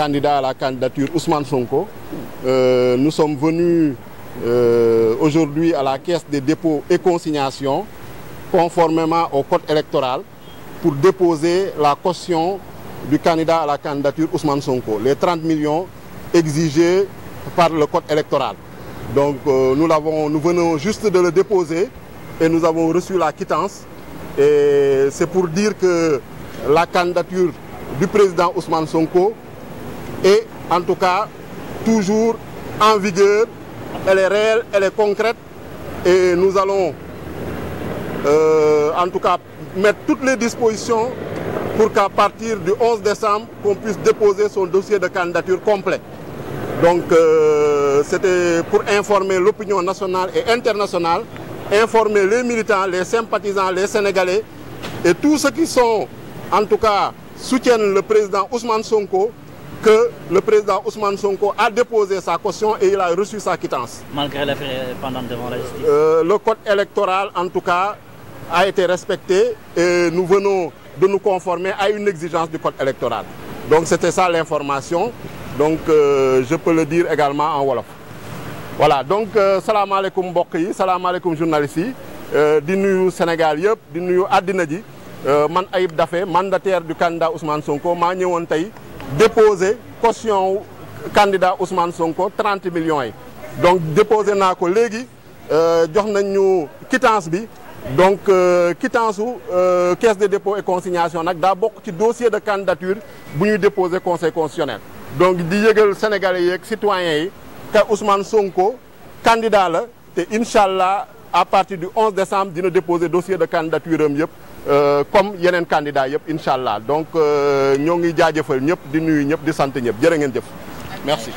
candidat à la candidature Ousmane Sonko. Euh, nous sommes venus euh, aujourd'hui à la Caisse des dépôts et consignations, conformément au code électoral, pour déposer la caution du candidat à la candidature Ousmane Sonko, les 30 millions exigés par le code électoral. Donc euh, nous, nous venons juste de le déposer et nous avons reçu la quittance. Et c'est pour dire que la candidature du président Ousmane Sonko et en tout cas toujours en vigueur, elle est réelle, elle est concrète et nous allons euh, en tout cas mettre toutes les dispositions pour qu'à partir du 11 décembre, qu'on puisse déposer son dossier de candidature complet. Donc euh, c'était pour informer l'opinion nationale et internationale, informer les militants, les sympathisants, les Sénégalais et tous ceux qui sont, en tout cas, soutiennent le président Ousmane Sonko que le président Ousmane Sonko a déposé sa caution et il a reçu sa quittance. Malgré l'affaire pendant devant la justice euh, Le code électoral, en tout cas, a été respecté et nous venons de nous conformer à une exigence du code électoral. Donc c'était ça l'information. Donc euh, je peux le dire également en Wolof. Voilà, donc salam alaikum Bokki, salam alaikum journalistes euh, Sénégal mandataire du candidat Ousmane Sonko ma déposer caution candidat Ousmane Sonko 30 millions donc déposer naa ko léegi euh, jox quittance bi donc euh, quittance la euh, caisse de dépôt et consignation nak d'abord dossier de candidature bu déposer le conseil constitutionnel. donc di le sénégalais les citoyens Ousmane Sonko candidat la Inch'Allah à partir du 11 décembre nous déposer dossier de candidature il euh, comme un candidat Inch'Allah. donc nous avons fait des di nuyu ñëpp di nous avons merci